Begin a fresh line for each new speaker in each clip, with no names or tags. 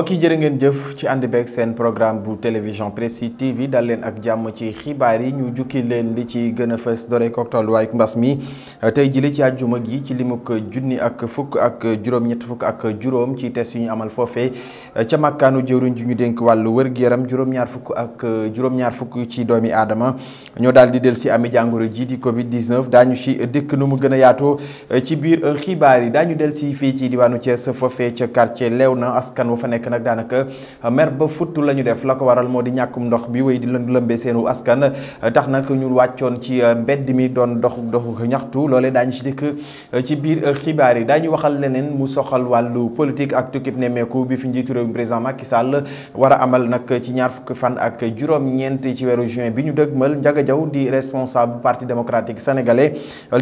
mbokk yi jërë ngeen jëf ci ànd beeg seen programme bu télévision Prestige TV dal leen ak jàmm ci xibaar yi ñu jukki leen li ci gën a fës dore ko tolluwaay mbas mi tey jii li ci àjjuma gi ci limuk junni ak fukk ak juróom-ñett fukk ak juróom ci test yu ñu amal foofe ca makkaanu jëwriñ ju ñu dénk wàllu wër-gu-yaram juróom-ñaar fukk ak juróom-ñaar fukk ci doomi aadama ñoo daal di del si ami jàngoro ji di Covid daa ñu si dëkk nu mu gën a yaatoo biir xibaar yi daañu del si fii ci diwaanu Thiès foofee ca quartier nag daanaka mer ba futt la ñu def la ko waral moo di ñàkkum ndox bi wéy di lëmbee seenu askan tax nag ñu wàccoon ci euh, mbedd mi doon dox doxu ñaxtu loole daañu si dëkk euh, ci biir euh, xibaar yi daa ñu waxal leneen mu soxal wàllu politique ak tukkib nemmeeku bi fi njiitu réew mi président Macky Sall war a amal nag ci ñaar fukki fan ak juróom-ñeent ci weeru juin bi ñu dëgmal Ndiaga Diaw di responsable parti démocratique sénégalais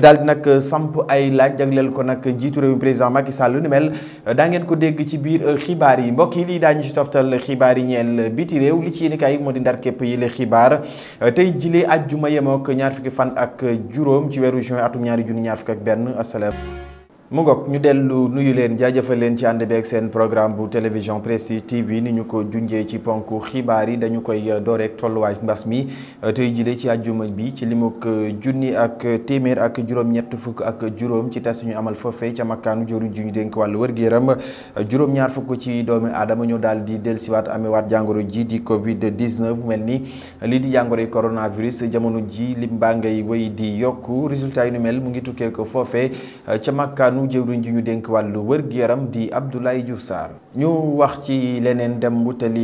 daal di nag samp ay laaj jagleel ko nag njiitu réew mi président Macky Sall yi lii daañu ci toftal xibaar yi ñeel biti réew li ci yéenekaay yi moo di ndar képp yi la xibaar tey jilee ajjuma yemook ñaar fukki fan ak juróom ci weeru juin atum ñaari junni ñaar fukk ak benn asalaam mu ngoog ñu dellu nuyu leen jaajëfal leen ci ànd beeg seen programme bu télévision Prestige TV ni ñu ko junjee ci ponk xibaar yi dañu koy dooreek tolluwaay mbas mi tey jile ci àjjuma bi ci limuk junni ak téeméer ak juróom-ñett fukk ak juróom ci test ñu amal foofee ca makkaanu jëwriñ ji ñu dénk wàllu wër-gu-yaram juróom-ñaar fukk ci doomi aadama ñu daal di dellusiwaat waat jàngoro ji di Covid 19 bu mel ni lii di jàngoro yi coronavirus jamono ji lim baa ngay wéy di yokku résultat yi nu mel mu ngi tukkee ko foofee ca makkaanu waxtaanu jëwriñ ji ñu dénk wàllu wër-gu-yaram di Abdoulaye Diouf Sarr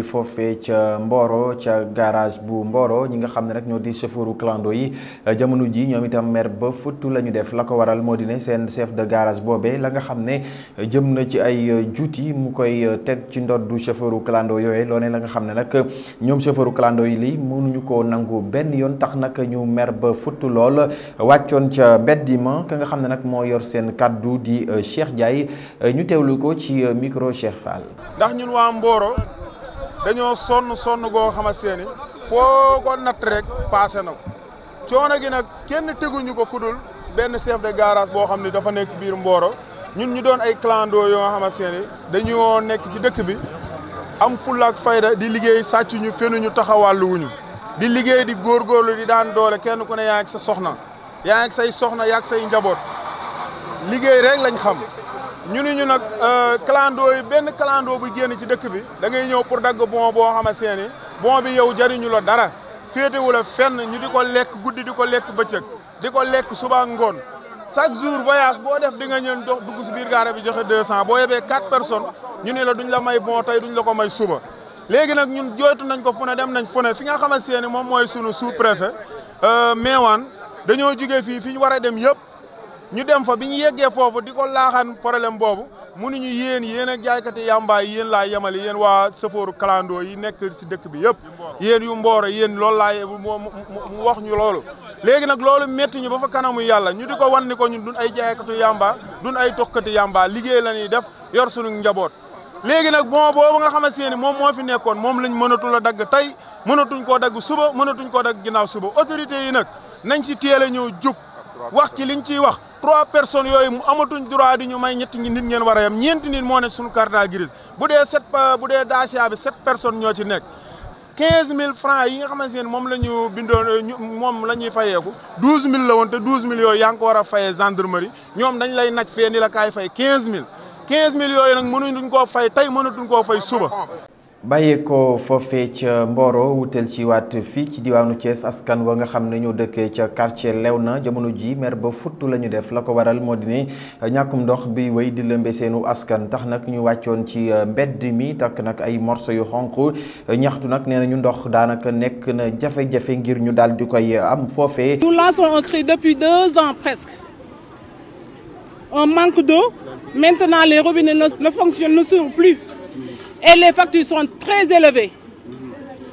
foofee ca Mboro ca garage bu Mboro ñi nga xam ne rek ñoo di chauffeuru clando yi jamono ji ñoom itam mer ba futtu la ñu def la ko waral moo di seen chef de garage boobee la nga xam ne jëm na ci ay juuti mu koy teg ci ndoddu chauffeuru clando yooyee loo ne la nga xam ne nag ñoom chauffeuru clando yi li mënuñu koo nangu benn yoon tax nag ñu mer ba futtu lool wàccoon ca mbedd ma ka nga xam ne nag moo yor seen kàddu di euh, Cheikh Ndiaye euh, ñu teewlu ko ci euh, micro Cheikh Fall.
ndax ñun waa Mboro dañoo sonn sonn goo xama seeni foo ko natt rek paase na ko coono gi nag kenn teguñu ko kudul benn chef de garage boo xam ne dafa nekk biir Mboro ñun ñu doon ay clando yoo xamante ne dañoo nekk ci dëkk bi am fulla ak fayda di liggéey sàccuñu fenuñu taxawàlluwuñu di liggéey di góorgóorlu di daan doole kenn ku ne yaa sa soxna yaa ngi say soxna yaa ngi say njaboot liggéey rek lañ xam ñu ni ñu nag euh, clando yi benn clando bu génn ci dëkk bi da ngay ñëw pour dagg bon boo xama seeni bon bi yow jariñu la dara féetewu la fenn ñu di ko lekk guddi di ko lekk bëccëg di ko lekk suba ngoon chaque jour voyage boo def di nga ñëw dox dugg si biir gaare bi joxe 200 boo yebee 4 personnes ñu ne la duñ la may bon tey duñ la ko may suba. léegi nag ñun jooytu nañ ko fu ne dem nañ fu ne fi nga xamante ne moom mooy sunu sous préfet euh, meewaan dañoo jugee fii fi ñu war a dem yëpp. ñu dem fa bi ñu yeggee foofu di ko laaxaan problème boobu ñu yéen yéen ak jaaykati yàmbaay yéen laa yemale yéen waa sëfooru kalandoo yi nekk si dëkk bi yëpp yéen yu mbooro yéen loolu laa mu wax ñu loolu léegi nag loolu métti ñu ba fa kanamu yàlla ñu di ko wan ni ko ñun dun ay jaaykatu yàmba dun ay tokkati yàmba liggéey la ñuy def yor suñu njaboot léegi nag bon boobu nga xamante ne moom moo fi nekkoon moom lañ mënatul a dagg tey mënatuñ koo dagg suba mënatuñ ko dag ginnaaw suba autorité yi nag nañ si teel a ñëw jub wax ci liñ ciy wax trois personnes yooyu mu amatuñ droit di ñu may ñetti nit ngeen war a yem ñeenti nit moo ne suñu carte grise bu dee sept bu dee dacia bi personnes ñoo nekk quinze mille francs yi nga xamante ne moom la ñu bindoon moom la ñuy fayeeku douze mille la woon te douze mille yooyu yaa ngi war a fayee gendarmerie ñoom dañ lay naj fee ni la kaay fay quinze mille quinze mille yooyu nag mënuñ duñ koo fay tey mënatuñ koo fay suba
bàyyee ko foofee ca Mboro wutal ci waat fii ci diwaanu Thiès askan wa nga xam ne ñoo dëkkee ca lew na jamono ji mer ba futt la ñu def la ko waral moo di ne ñàkkum ndox bi wéy di lëmbe seenu askan tax nag ñu wàccoon ci euh, mbedd mi takk nag ay morso yu xonq ñaxtu nag nee ñu ndox daanaka nekk na jafe-jafe ngir ñu dal di koy euh, am foofee. nous
lançons un depuis ans presque un manque d'eau maintenant les robinets ne fonctionnent ne sont plus. et les factures sont très élevées.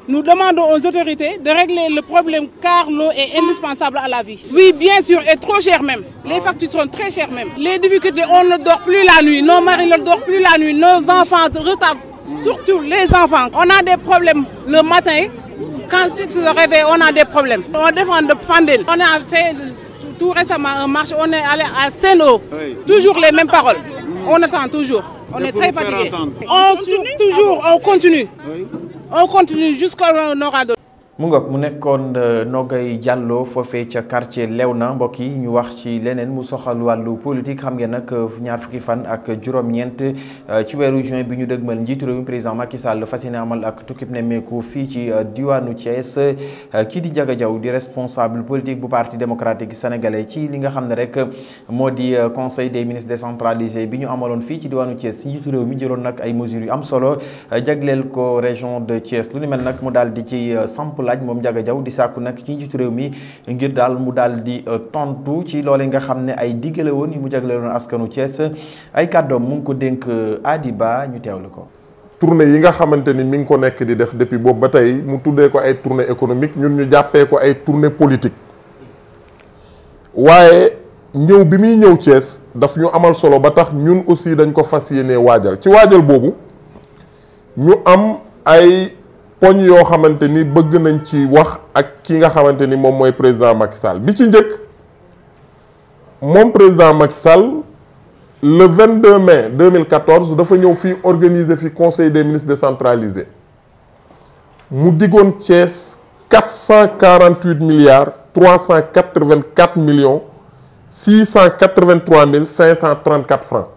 Nous demandons aux autorités de régler le problème car l'eau est indispensable à la vie. Oui, bien sûr, et trop chère même. Les factures sont très chères même. Les difficultés, on ne dort plus la nuit, nos maris ne dorment plus la nuit, nos enfants retardent, surtout les enfants. On a des problèmes le matin, quand ils se réveillent, on a des problèmes. On a fait tout récemment un marche, on est allé à Seno. Oui. Toujours les mêmes paroles. On On est, est très fatigué. On, on continue toujours, on continue. Oui. On continue jusqu'à Norado.
mu ngoog mu nekkoon euh, Nogay Diallo foofee ca quartier Léona mbokk yi ñu wax ci leneen mu soxal wàllu politique xam ngeen nag euh, ñaar fukki fan ak juróom-ñeent euh, ci weeru juin bi ñu dëgmal njiitu réew mi président Macky Sall fas yéene amal ak tukkib nemmeeku fii ci diwaanu Thiès kii di Ndiaga Diaw di responsable politique bu parti démocratique sénégalais ci li nga xam ne rek moo di conseil des ministres décentralisé bi ñu amaloon fii ci diwaanu Thiès njiitu réew mi jëloon nag ay mesures yu am solo jagleel ko région de Thiès lu ni mel nag mu daal di ci samp laaj moom Ndiaga Diaw di sàkku nag ci njiitu réew mi ngir daal mu daal di euh, tontu ci loolee nga xam ne ay diggale woon yu mu jagle woon askanu Thiès ay kàddoom mu ngi ko dénk euh, ba ñu teew teewlu ko.
tournée yi nga xamante ni mi ngi ko nekk di def depuis boobu ba tey mu tuddee ko ay tournée économique ñun ñu jàppee ko ay tournée politique waaye ñëw bi muy ñëw Thiès daf ñu amal solo ba tax ñun aussi dañ ko fas yéene waajal ci waajal boobu ñu am ay. poñ yoo xamante ni bëgg nañ ci wax ak ki nga xamante ni moom mooy président Macky Sall bi ci njëkk moom président Macky Sall le 22 mai 2014 dafa ñëw fii organiser fi conseil des de décentralisé mu diggoon Thiès 448 milliards 384 millions 683 mille 534 francs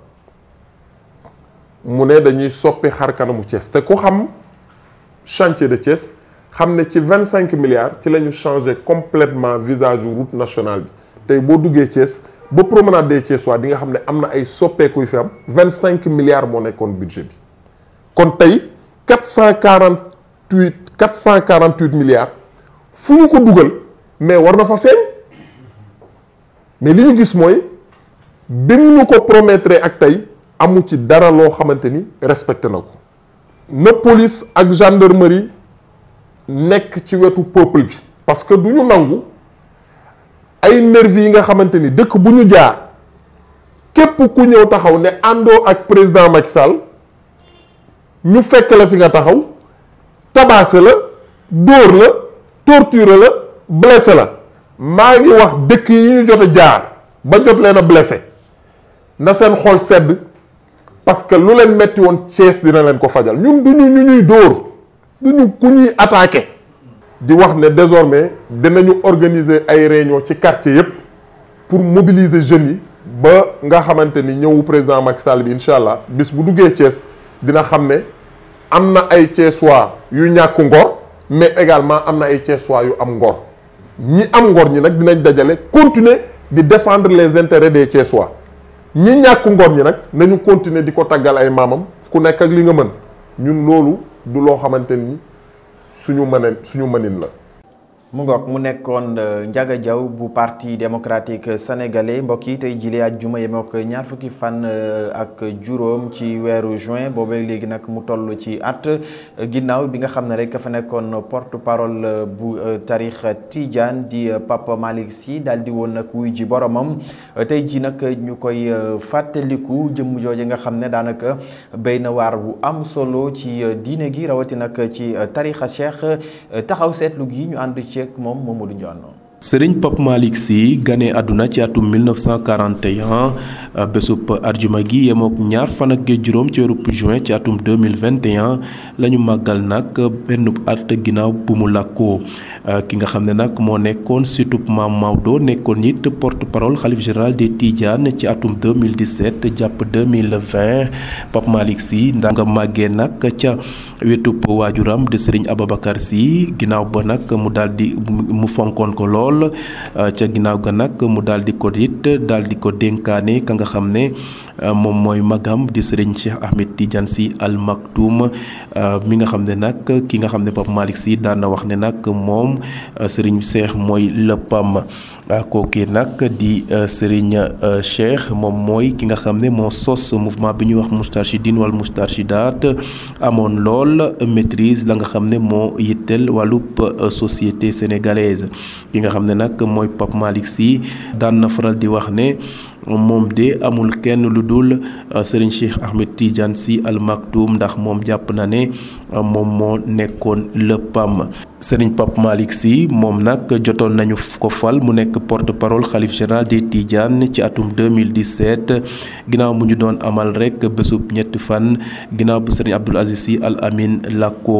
mu ne dañuy soppi xar kanamu Thiès te ku xam. chantier de Thiès xam ne ci vingt cinq milliards ci la ñu changé complètement visage route nationale bi tey boo duggee Thiès ba promenade des Thiès waa di nga xam ne am na ay soppeeku yu fi am vingt cinq milliards moo nekkoon budget bi kon tey quatre cent quarante huit quatre cent quarante huit milliards fu ñu ko dugal mais war na fa feeñ mais li ñu gis mooy bi ñu ko promettre ak tey amu ci dara loo xamante ni respecté na ko. na polis ak gendarmerie nekk ci wetu peuple bi parce que du ñu nangu ay nervi yi nga xamante ni dëkk bu ñu jaar képp ku ñëw taxaw ne àndoo ak président Macky Sall ñu fekk la fi nga taxaw tabaase la dóor la torture la blessé la maa ngi wax dëkk yi ñu jot a jaar ba jot leen a blessé na seen xool sedd parce que lu leen metti woon Thiès dina leen ko fajal ñun du ñu ñu ñuy dóor du ñu ku ñuy attaqué di wax ne désormais dinañu organiser ay réunion ci quartier yëpp pour mobiliser jeunes yi ba nga xamante ni ñëwu président Macky Sall bi incha allah bis bu duggee Thiès dina xam ne am na ay Thiessois yu ñàkk ngor mais également am na ay Thiessois yu am ngor ñi am ngor ñi nag dinañ dajale continuer di défendre les intérêts des Thiessois ñi ñàkk ngoom ñi nag nañu continuer di ko taggal ay maamam ku nekk ak li nga mën ñun loolu du loo xamante ni suñu mëneen suñu mënin la
mu ngoog mu nekkoon euh, Ndiaga Diaw bu parti démocratique sénégalais mbokk yi tey jile àjjuma yem ak ñaar fukki fan euh, ak juróom ci weeru juin boobee léegi nag mu toll ci at ginnaaw bi nga xam ne rek fa nekkoon porte parole bu euh, tarix Tidiane di Papa Malick Sy daal di woon nag wuy ji boromam tey ji nag ñu koy fàttaliku jëmm jooje nga xam ne daanaka béy na waar bu am solo ci diine gi rawati nag ci tarixa cheikh taxaw seetlu gi ñu ànd ak moom Mamadou Ndione
sëriñ Pape Malick Sy gane àdduna ci atum 1941 euh, bésub arjuma gi yemook ñaar fan ak juróom ci weerub juin ci atum 2021 la ñu màggal nag benn at ginnaaw bu mu làkkoo euh, ki nga xam ne nag moo nekkoon situb maam Maodo nekkoon it porte parole xalif général des Tidianes ci atum 2017 jàpp 2020 si Malick Sy ndax nga màggee nag ca wetub waajuram de sëriñ Ababacar si ginnaaw ba nag mu daal di mu fonkoon ko lool. lool ca ginnaaw ga nag mu daal di ko it daal di ko dénkaane ka nga xam ne Euh, moom mooy magam di sëriñ Cheikh Ahmed Tidiane Sy Al Maktoum euh, mi nga xam ne nag ki nga xam ne Pape Malick Sy daan na wax ne nag moom euh, sëriñ Cheikh mooy lëppam kooki nag di sëriñ Cheikh moom mooy ki nga xam ne moo sos mouvement bi ñuy wax din Moustarchidine wala Moustarchidaat amoon lool maîtrise la nga xam ne moo yitteel wàllub société sénégalaise ki nga xam ne nag mooy Pape Malick Sy daan na faral di wax ne moom de amul kenn lu dul euh, Serigne Cheikh Ahmed Tidiane Sy Al ndax moom jàpp na ne euh, moom moo nekkoon léppam sëriñ Pape Malick Sy moom nag jotoon nañu ko fal mu nekk porte parole xalif général des Tidianes ci atum 2017 ginnaaw mu ñu doon amal rek bésub ñetti fan ginnaaw bu sëriñ Abdoul Aziz Al Amin Làkko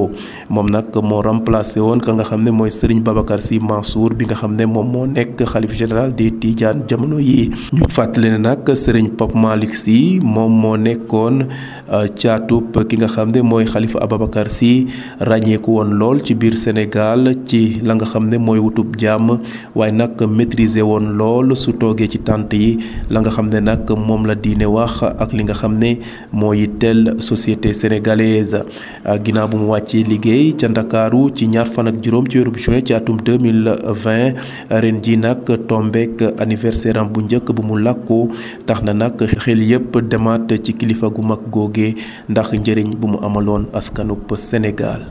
moom nag moo remplacé woon ka nga xam ne mooy sëriñ Babacar Sy Mansour bi nga xam ne moom moo nekk xalif général des Tidianes jamono yi ñu fàttale ne nag sëriñ Pape Malick Sy moom moo nekkoon euh, caatub ki nga xam ne mooy xalifa Ababacar si ràññeeku woon lool ci biir Sénégal Sénégal ci la nga xam ne mooy wutub jàmm waaye nag maîtriser woon lool su toogee ci tànt yi la nga xam ne nag moom la diine wax ak li nga xam ne mooy teel société sénégalaise ginnaaw bu mu wàccee liggéey ca Ndakaaru ci ñaar fan ak juróom ci weerub juin ci atum 2020 ren ji nag tombeek anniversaire am bu njëkk bu mu làkku tax na nag xel yépp demaat ci kilifa gu mag googe ndax njëriñ bu mu amaloon askanub Sénégal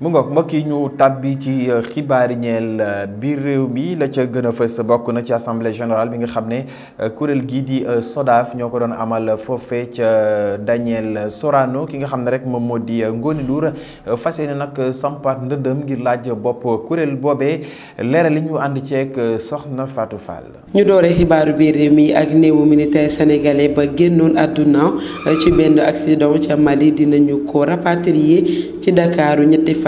mu ngoog mbokk yi ñu tàbbi ci euh, xibaari ñeel euh, biir réew mi la ca gën a fës bokk na ci assemblée générale bi nga xam ne euh, kuréel gii di SODAV ñoo ko doon amal foofe ca Daniel Sorano ki nga xam ne rek moom moo di Ngone Ndour fas ne nag sampaat ndëndëm ngir laaj bopp kuréel boobee leeral li ñu ànd ceeg soxna Fatou Fall.
ñu doore xibaaru biir réew mi ak néewu militaire sénégalais ba génnoon àdduna ci benn accident ca Mali dinañu ko rapatrier ci Dakar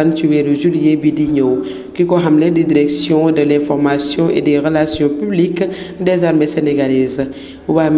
fan ci weeru juillet bi di ñëw ki ko xamle di direction de l'information et des relations publiques des armées sénégalaises waa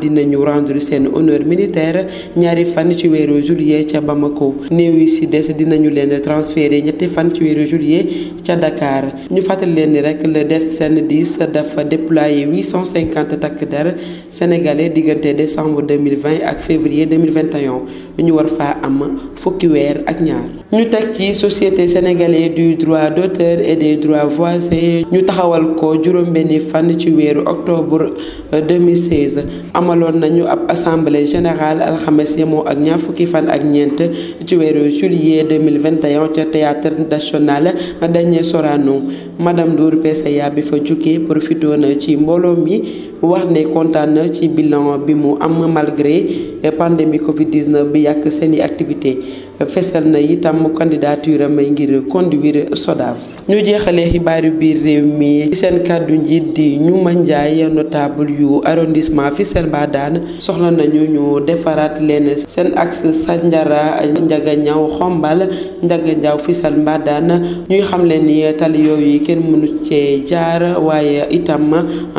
dina ñu rendre seen honneur militaire ñaari fan ci weeru juillet ca Bamako néew yi si des ñu leen transféré ñetti fan ci weeru juillet ca Dakar ñu fàttali leen ni rek le DETSEN 10 dafa déployé 850 takk der sénégalais diggante décembre 2020 ak février 2021 ñu war fa am fukki weer ak ñaar ñu teg ci société sénégalaise du droit d'auteur et des droits voisins ñu taxawal ko juróom-benni fan ci weeru octobre 2016 euh, amaloon nañu ab assemblée générale alxames yemoo ak ñaar fukki fan ak ñeent ci weeru juillet 2021 ca théâtre national Daniel Sorano madame Ndour PCA bi fa jugee profité na ci mbooloo mi wax ne kontaan na ci bilan bi mu am malgré euh, pandémie Covid 19 bi yàq seeni activité fesal na itam candidature am ngir conduire SODAV ñu jeexalee xibaaru biir réew mi ci seen kàddu njiit di ñu Ñuma Njaay notable yu arrondissement Fissel Mbadane soxla nañu ñu defaraat leen seen axe Sandiara Njaga Ñaw Xombal Njaga Ñaw Fissel Mbadane ñuy xam leen ni tali kenn mënu cee jaar waaye itam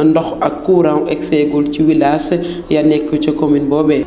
ndox ak courant egseegul ci village ya nekk
ca commune boobee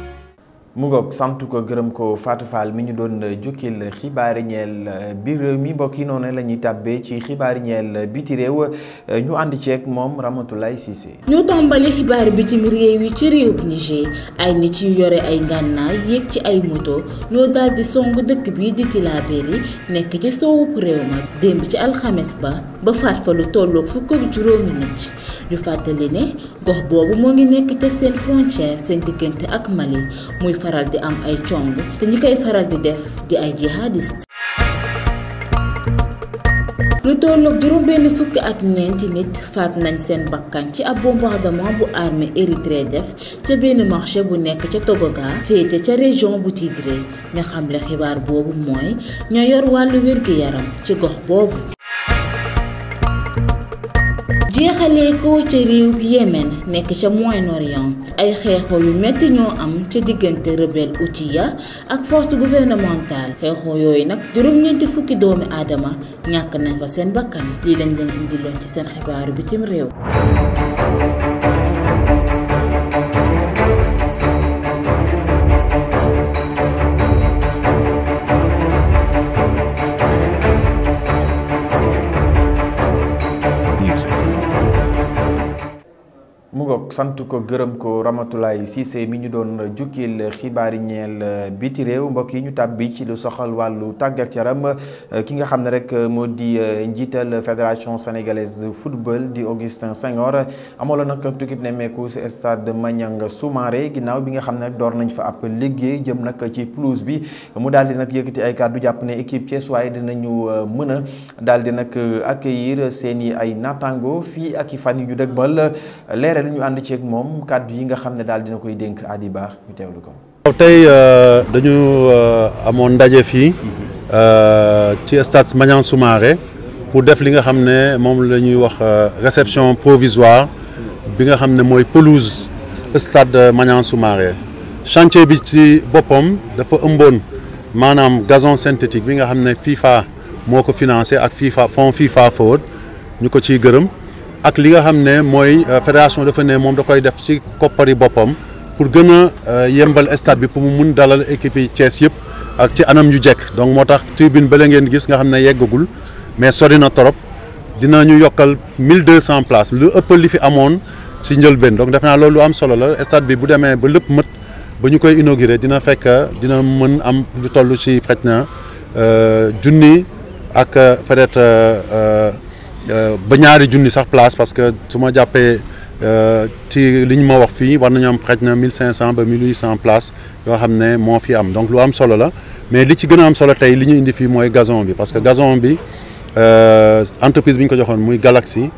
mu ngoog sant ko gërëm ko Fatou Fall mi ñu doon jukkil xibaari ñeel euh, biir réew mi mbokk yi noonu la ñuy tàbbee ci xibaari ñeel biti réew euh, ñu ànd ceeg moom Ramatoulaye Cissé.
ñu tàmbali xibaar bitim réew yi ci réew bi Niger ay nit yu yore ay ngànnaay yéeg ci ay moto ñoo daal di song dëkk bi di Tillabéri nekk ci sowup réew ma démb ci alxames ba ba faat fa lu tolloog fukk ak juróomi nit ñu fàttali ne gox boobu moo ngi nekk ca seen frontière seen diggante ak Mali faral di am ay cong te koy faral di def di ay jihadiste lu tolloog juróom benn fukk ak nit faat nañ seen bakkan ci ab bombardement bu armée Érythrée def ca benn marché bu nekk ca Togoga féete ca région bu Tigré nga xamle xibaar boobu mooy ñoo yor wàllu wér yaram ci gox boobu jeexalee ko ca réew bi Yémen nekk ca Moyen-Orient ay xeexoo yu metti ñoo am ca diggante rebelle Houthiyya ak force gouvernementale xeexoo yooyu nag juróom-ñeenti fukki doomi aadama ñàkk nañ fa seen bakkan lii lañ leen indiloon ci seen xibaaru bitim réew.
sant ko gërëm ko Ramatoulaye Cissé mi ñu doon jukkil xibaari ñeel euh, biti réew mbokk yi ñu tàbbi ci lu soxal wàllu tàggat yaram euh, ki nga xam ne rek euh, moo di njiital fédération sénégalaise de football di Augustin Senghor amaloon nag tukkib nemmeeku si stade Maniang Soumaré ginnaaw bi nga xam ne door nañ fa ab liggéey jëm nag ci pelouse bi mu daal di nag yëkkati ay kàddu jàpp ne équipe Thiès waaye dinañu mën a daal di nag accueillir seen ay naataango fii ak ceeg moom kàddu yi nga xam ne daal dina koy dénk Hady Ba ñu teewlu ko.
waaw tey euh, dañu euh, amoon ndaje fii euh, ci stade Maniang Soumaré pour def li nga xam ne moom la ñuy wax réception provisoire bi nga xam ne mooy pelouse stade Maniang Soumaré chantier bi ci boppam dafa ëmboon maanaam gazon synthétique bi nga xam ne FIFA moo ko financé ak FIFA fonds FIFA FOAD ñu ko ciy gërëm. ak li nga xam ne mooy euh, fédération dafa ne moom da koy def ci koppari boppam pour gën a euh, yembal stade bi pour mu mun dalal équipe yi cees yëpp ak ci anam yu jekk donc moo tax tribune bële ngeen gis nga xam ne yeggagul mais sori na torop dina ñu yokkal 1200 places lu ëpp li fi amoon ci njëlbeen donc defe naa loolu lu am solo la stade bi bu demee ba lépp mët ba ñu koy inauguré dina fekk dina mën am lu toll ci xëj na euh, junni ak peut-être. Euh, ba ñaari junni sax place parce que su ma jàppee euh, ci li ñu ma wax fii war nañu am xaj na mille cinq cent ba mille huit cent places yoo xam ne moo fi am donc lu am solo la mais li ci gën a am solo tey li ñu indi fii mooy gazon bi parce que gazon bi euh, entreprise bi ñu ko joxoon muy Galaxy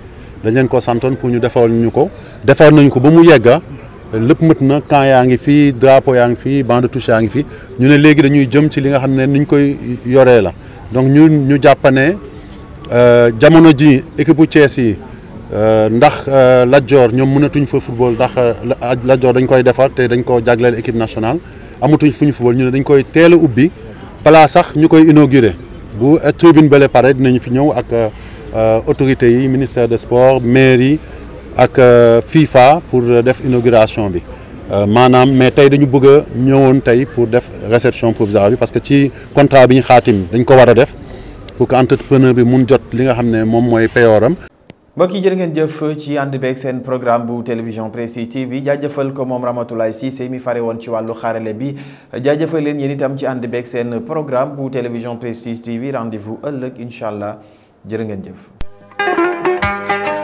dañ leen ko santoon pour ñu defal ñu ko defar nañ ko ba mu yegga lépp mët na camp yaa ngi fii drapeau yaa ngi fii bande touche yaa ngi fii ñu ne léegi dañuy jëm ci li nga xam ne ni ñu koy yoree la Euh, jamono ji équipe bu Thiès yi euh, ndax euh, Lat Dior ñoom mënatuñ fa football ndax Lat Dior dañ koy defar te dañ koo jagleel équipe nationale amatuñ fu ñu football ñu ne dañ koy teel a ubbi place sax ñu koy inauguré bu tribune bële pare dinañu fi ñëw ak autorités yi ministère des sports mairie ak FIFA pour def inauguration bi maanaam mais tey dañu bëgg a ñëwoon tey pour def réception provisoire bi parce que ci contrat bi ñu xaatim dañ ko war a def pour que entrepreneur bi mun jot li nga xam ne moom mooy peyooram mbokk
yi jërë ngeen jëf ci ànd beeg seen programme bu télévision Prestige TV jaajëfal ko moom Ramatoulaye Cissé mi fare woon ci wàllu xarale bi jaajëfal leen yéen itam ci ànd beek seen programme bu télévision Prestige TV rendez-vous ëllëg incha allah jër ngeen jëf